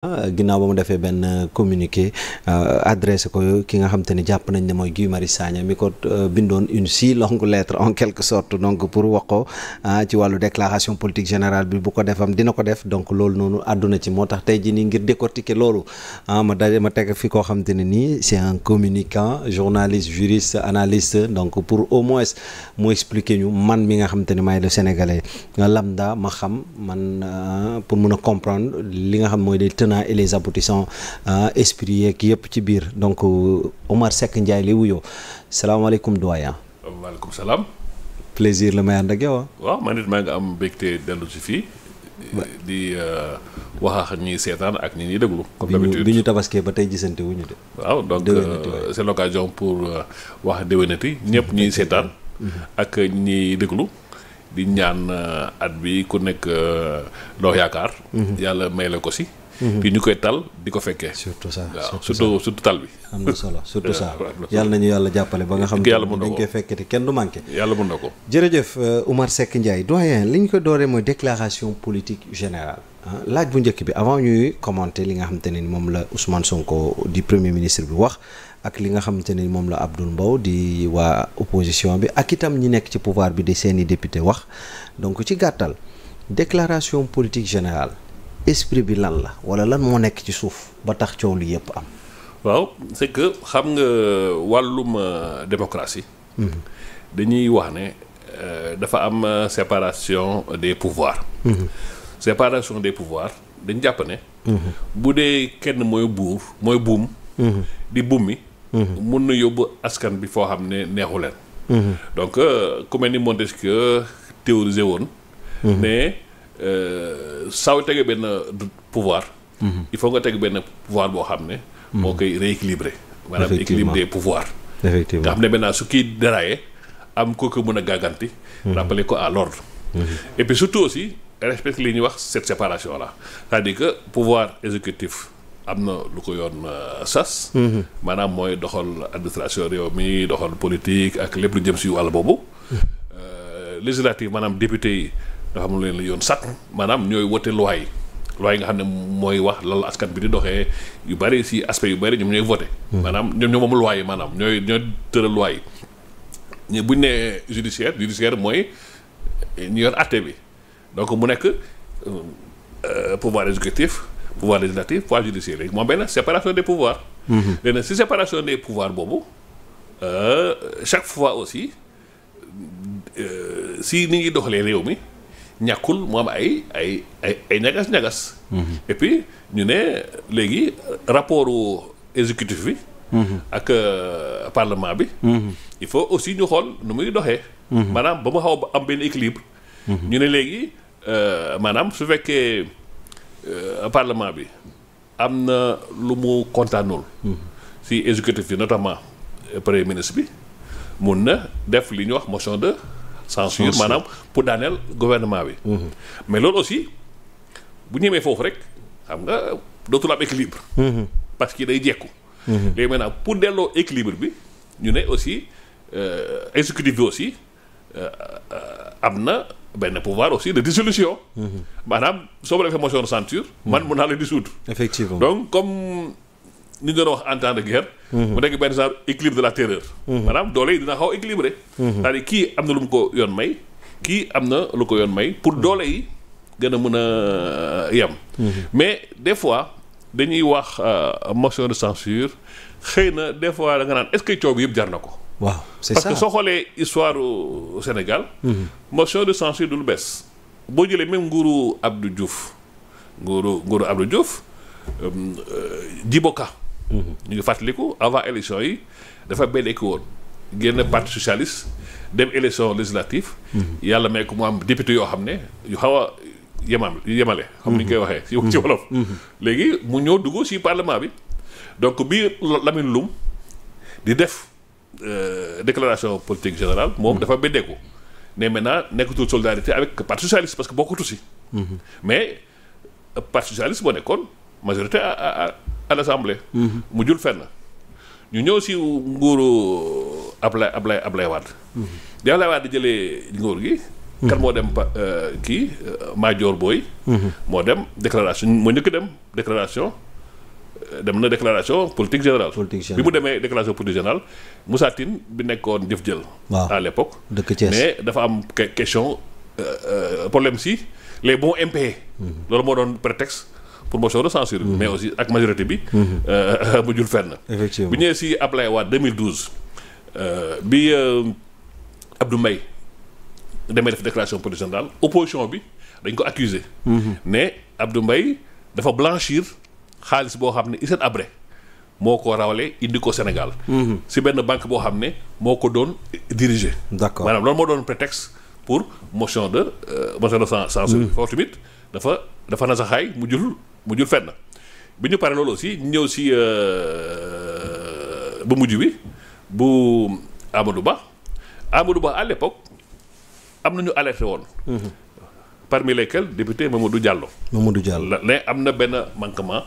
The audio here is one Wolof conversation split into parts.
Ah, ginnaaw ba mu defee benn euh, communiqué euh, adressé ko ki nga xam te ne jàpp nañ ne mooy Guy Marius mi ko euh, bindoon une si longue lettre en quelque sorte donc pour wax ah, ci wàllu déclaration politique générale bi bu ko defam dina ko def donc loolu noonu àdduna ci moo tax tey jii nii ngir décortiquer loolu ah, ma daje ma teg fi koo xam te ne nii c'est un communicant journaliste juriste donc pour au moins mu expliquer ñu man mi nga xam te ne maay le sénégalais lambda ma a tenants et les aboutissants euh, esprit yeeg yëpp ci biir donc euh, Omar Seck Ndiaye lay wuyoo salaamaaleykum doyen. waaleykum salaam. plaisir la may ànd ak yow ah. waaw man it maa nga am mbégte dellu si fii. di euh, wax ak ñi seetaan ak ñi ñuy déglu. comme d'habitude bi ñu tabaskee ba tey gisante wuñu de. waaw donc c' est pour wax déwénati ñëpp ñuy seetaan. Mm-hmm. ak ñi déglu. di ñaan at bi ku nekk loo yaakaar. Mm-hmm. yàlla may la ko si. puis ñu koy tal di ko fekkee. surtout ça surtout surtout tal bi. am na solo surtout ça yàlla nañu yàlla jàppale ba nga xam ne dañ koy fekkee te kenn du manqué. yàlla mën na ko. jërëjëf euh, Oumar Seck Ndiaye doyen li ñu ko dooree mooy déclaration politique général laaj bu njëkk bi avant ñuy commenter li nga xamante ne ni moom la Ousmane Sonko di premier ministre bi wax. ak li nga xamante ne moom la Abdoul Mbow di waa opposition bi ak itam ñi nekk ci pouvoir bi di seeni député wax donc ci gàttal déclaration politique générale esprit bi lan la wala lan moo nekk ci suuf ba tax coow lu yëpp am. waaw c'est que xam nga wàllum euh, démocratie. Mhm. dañuy wax ne euh, dafa am euh, séparation des pouvoir Mmh. séparation des pouvoirs dañ jàpp ne. Mhm. bu dee kenn mooy buur mooy buum. Mhm. di bummi. mun na yóbbu askan bi foo xam ne neexu leen. donc ku mel ni Montesquieu théorisé woon. ne Euh, saw tege benn euh, pouvoir. il faut nga teg benn pouvoir boo xam ne. moo koy rééquilibrer. maanaam équilibre des nga xam ne maintenant su kii déraillé am ko ko mën a gàgganti. Mhm. rappeler ko à l'ordre mhm. et puis surtout aussi respecte li ñuy wax cette séparation là cest que pouvoir exécutif am na lu ko yoon euh, sas. Mhm. maanaam mooy doxal administration réew mi doxal politique ak lépp lu jëm si wàll boobu. législative maanaam député yi. dafa am leen la yoon sat maanaam ñooy wote loi yi loi yi nga xam ne mooy wax lan la askan bi di doxee yu bëri si aspect yu bari ñoom ñooy voté hmm. maanaam ñoom ñoo moom loi yi maanaam ñooy ñooy tëral loi yi ñu buñ nee judiciaire judiciaire mooy ñu yor àtte bi donc mu nekk euh, pouvoir exécutif pouvoir législatif pouvoir judiciaire léegi moom benn séparation des pouvoirs hmm. léegi nag si séparation des pouvoirs boobu euh, chaque fois aussi euh, si ni ngi doxalee réew mi ñàkkul mu am ay ay ay ay ñagas-ñagas. Mm-hmm. et puis ñu ne léegi rapportu exécutif bi. Mm-hmm. ak euh, parlement bi. Mm-hmm. il faut aussi ñu xool nu muy doxee. maanaam ba mu xaw am benn équilibre. ñu ne léegi euh, maanaam su fekkee euh, parlement bi am na lu mu kontaanul. si exécutif bi notamment premier ministre bi mun na def li ñuy wax motion de. censure maanaam pour daaneel gouvernement bi mhm. mais loolu aussi bu ñemee foofu rek xam nga dootul am équilibre mhm. parce que day jekku mhm. léegi maintenant pour delloo équilibre bi ñu ne aussi euh, exécutif bi aussi euh, am na benn pouvoir aussi de dissolution maanaam soo ma motion de censure man mun naa la dissoudre donc comme ni ñu doon wax en temps de guerre. Mhm. mu nekk benn genre équilibre de la terreur. Mhm. maanaam doole yi dina xaw équilibré. Mhm. cest à kii am na lu mu ko yoon may. kii am na lu ko yoon may pour doole yi gën a mën a euh, yem. mais des fois dañuy wax euh, motion de censure xëy na des fois da nga naan est-ce bi yëpp jar na ko. waaw parce que soo xoolee histoire au Sénégal. motion de censure du lu bees. boo jëlee même nguuru Abdou Diouf nguuru nguuru Abdou Diouf euh, Djibo ñu ngi fàttaliku avant élection yi dafa beddeeku woon génn parti socialiste dem élection législative yàlla may ko mu am député yoo xam ne yu xaw a yemam yemale xam ni ñu koy waxee ci wolof léegi mu ñëw dugg ci parlement bi donc bii Lamine Loum di def euh, déclaration politique générale moom dafa beddeeku ne maintenant nekkatul solidarité avec parti socialiste parce que bokkatu si mhm. mais parti socialiste boo nekkoon majorité à l'Assemblée mu jul fenn ñu ñëw si nguuru Ablaye Ablaye Ablaye Wade bi Ablaye Wade jëlee nguur gi kan moo dem euh, kii euh, Madior Boye moo dem déclaration moo njëkk dem déclaration euh, dem na déclaration politique générale bi mu demee déclaration politique générale Moussa bi nekkoon jëf jël à l'époque mais dafa am question problème si les bons impayés mhm. loolu moo doon prétexte pour motion de censure bi mhm. mais aussi ak majorité bi mu mhm. euh, jul fenn effectivement bu ñëwee si Ablaye euh, bi euh, Abdou mbay demee def déclaration politique générale opposition bi dañ ko accuser mhm. ne abdu mbay dafa blanchir xaalis boo xam ne Hissène Habré moo ko rawale indi ko Sénégal si benn banque boo xam ne moo ko doon diriger d'accord maanaam loolu moo doon prétexte pour motion de motion de censure foofu tamit dafa dafa nasaxaay mu jul mu jur fenn bi ñu paree loolu aussi ñëw si euh, bu mujj bi bu Amadou Ba Amadou Ba à l'époque am na ñu alerté woon. Mhm. parmi lesquels député Mamadou Diallo. Mamadou Diallo mais am na benn manquement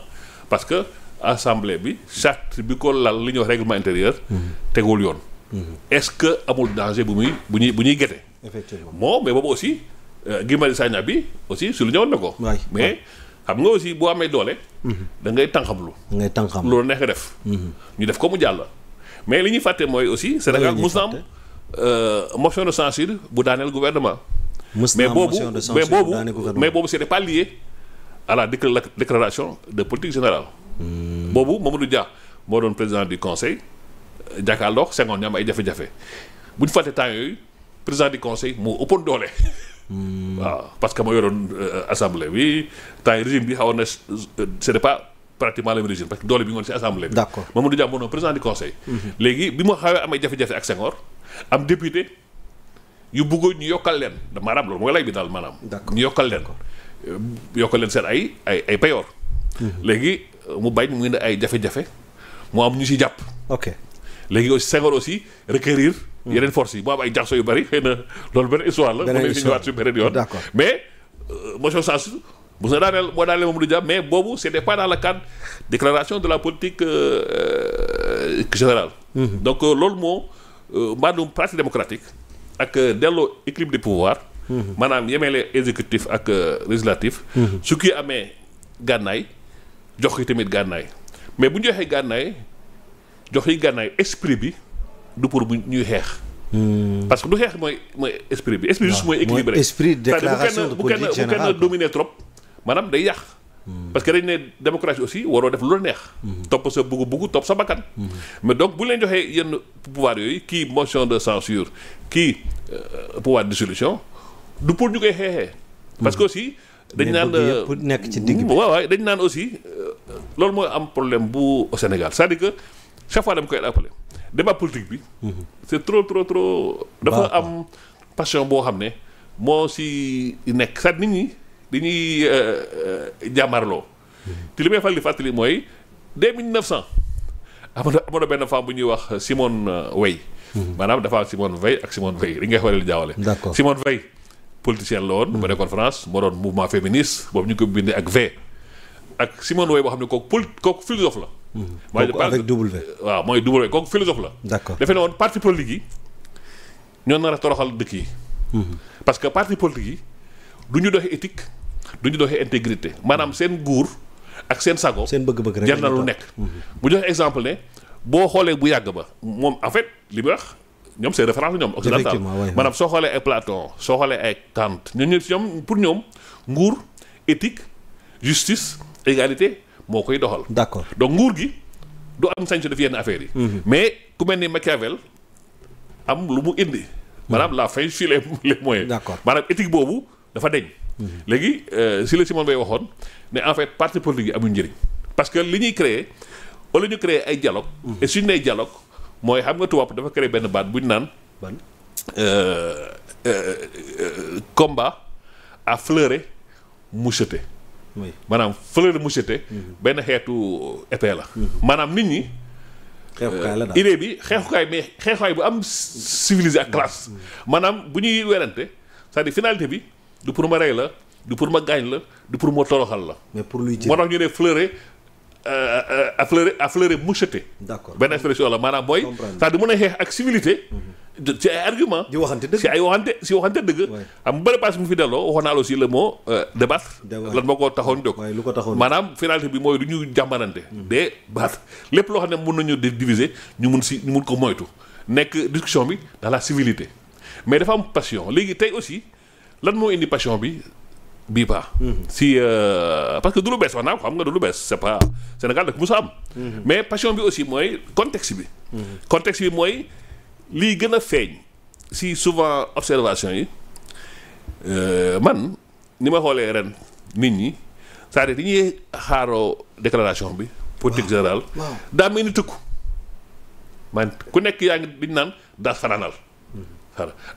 parce que assemblée bi charte bi ko lal li ñuy wax règlement intérieur. Mhm. tegul yoon. Mhm. est-ce que amul danger bu muy bu ñuy bu ñuy gete. effectivement moom mais boobu aussi euh, Guy Marius bi aussi su lu ñëwoon na ko. mais. xam nga aussi boo amee doole. da ngay tànqamlu. da ngay tànqamlu loolu neex nga def. Mm-hmm. ñu def ko mu jàll. mais li ñuy fàtte mooy aussi. Sénégal mus na am euh, motion de censure bu daaneel gouvernement. mus na am motion de censure mais boobu mais boobu mais boobu c'était pas lié à la déclaration de politique général mm. boobu Mamadou Dia moo doon président di conseil. jàkkaarloo Senghor ñu am ay jafe-jafe bu ñu fàtte temps yooyu président du conseil moo ëppoon doole. Hmm. waaw parce que moo yoroon euh, assemblée bi temps régime bi xawoon na euh, ce n'est pas pratiquement le même régime parce doole bi ngoon si assemblée bi moom Mamadou Dia moo doon président du conseil mhm. léegi bi mu xawee amay jafe-jafe ak Senghor am député yu buggoon ñu yokkal leen maanaam loolu mooy lay bi daal maanaam ñu yokkal leen yokkal leen seen ay ay ay payoor mhm. léegi euh, mu bañ mu indi ay jafe-jafe mu am ñu si jàpp ok léegi aussi aussi requérir yeneen force yi bu am ay jaxasoo yu bëri xëy na loolu beneen histoire la. beneen histoire mu ne ñu mais euh, motion censure bu sa daaneel moo daaneel Mamadou Dia mais boobu c'était pas dans le cadre déclaration de la politique euh, euh, générale. Mm-hmm. donc loolu moo maanaam pratique démocratique ak delloo équilibre des pouvoirs. Mm-hmm. maanaam yemeele exécutif ak législatif. Mm-hmm. su kii amee gànnaay jox ko tamit gànnaay mais bu ñu joxee gànnaay jox yi gànnaay esprit bi. du pour bu ñuy xeex. Hmm. parce que du xeex mooy mooy esprit bi. esprit juste mooy équilibré esprit déclaration de politique générale bu kenn dominé trop maanaam day yàq. Hmm. parce que dañ ne démocratie aussi waroo def lu la neex. Hmm. topp sa buggu buggu topp sa bakkan. mais donc bu leen joxee yenn pouvoir yooyu kii motion de censure kii euh, pouvoir de dissolution du pour ñu koy xeexee. parce que aussi dañ naan pour euh, nekk ci digg bi waaw waaw dañ naan aussi euh, loolu mooy am problème bu au Sénégal c'est-à-dire que chaque fois dama koy appelé. débat politique bi. Mhm. c'est trop trop trop. dafa am passion boo xam ne moo si nekk. sax nit ñi dañuy euh, euh, jàmmarloo. Mhm. te li may fal di fàttali mooy dès 1900 amoon amoon a benn femme bu ñuy wax Simone Weil. Euh, mhm. maanaam dafa am Simone Weil ak Simone Weil li nga xoolee lu jaawale. d'accord Simone Weil politicienne la woon. nekkoon France moo doon mouvement féministe boobu ñu ko bindee ak V. ak Simone Weil boo xam ne kooku poli kook philosophe la. mooy avec W. waa mooy W kooku philosophe la. d'accord defe naa woon parti politique yi ñoo nar a toroxal dëkk yi. Mhm. parce que parti politique yi du ñu doxee éthique du ñu doxee intégrité maanaam seen nguur ak seen sago. seen bëgg-bëgg rek jar na lu nekk. Mhm. bu joxe exemple ne boo xoolee bu yàgg ba moom en fait li muy wax. ñoom c'est référence ñoom occidental maanaam soo xoolee ay Platon soo xoolee ay Kant ñun ñëpp si ñoom pour ñoom nguur éthique justice égalité moo koy doxal. d'accord donc nguur gi du am sañ su def yenn affaires yi. Mhm. mais ku mel ni Machiavel am lu mu indi. Mhm. maanaam la fin suit les les moyens. d'accord maanaam éthique boobu dafa deñ mhm. léegi euh, si la Simone Bay waxoon ne en fait parti politique yi amuñu njëriñ parce que li ñuy créer wala ñu créer ay dialogue et suñu nee dialogue mooy xam nga tubaab dafa créer benn baat bu ñu naan. ban euh, euh, a à fleuret moucheté. maanaam fleur moucheté mhm. benn xeetu épée la maanaam nit ñi xeexukaay la daal idée euh, bi xeexukaay mais xeexukaay bu am civilisé ak classe mhm. maanaam bu ñuy werante c'est-à-dire finalité bi du pour ma rey la du pour ma gaañ la du pour ma toroxal la. mais pour luy moo tax ñu ne a affleurer a moucheté. d'accord benn expression la maanaam mooy. c'est-à-dire a xeex ak civilité. Mhm. ci ay argument di waxante dëgg si ay waxante si waxante dëgg. am bëri paas mu fi delloo waxoon naa la aussi le mot euh, débattre. lan moo ko taxoon jóg. lu maanaam finalité bi mooy du ñu jàmbarante. Mm. de baat lépp loo xam ne mun nañu diviser ñu mun si ñu mun ko moytu nekk discussion bi dans la civilité mais dafa am passion léegi tey aussi lan moo indi passion bi. bii baax. Mm-hmm. si euh, parce que du lu bees wax naa ko xam nga du lu bees c'est pas Sénégal nag musa am. Mm-hmm. mais passion bi aussi mooy contexte bi. Mm-hmm. contexte mooy. lii gën a feeñ si souvent observation yi euh, man ni ma xoolee ren nit ñi c'est-à-dire ñuy xaaroo déclaration bi. politique générale. daa mel ni man ku nekk yaa ngi di naan daa fanaanal. Hmm.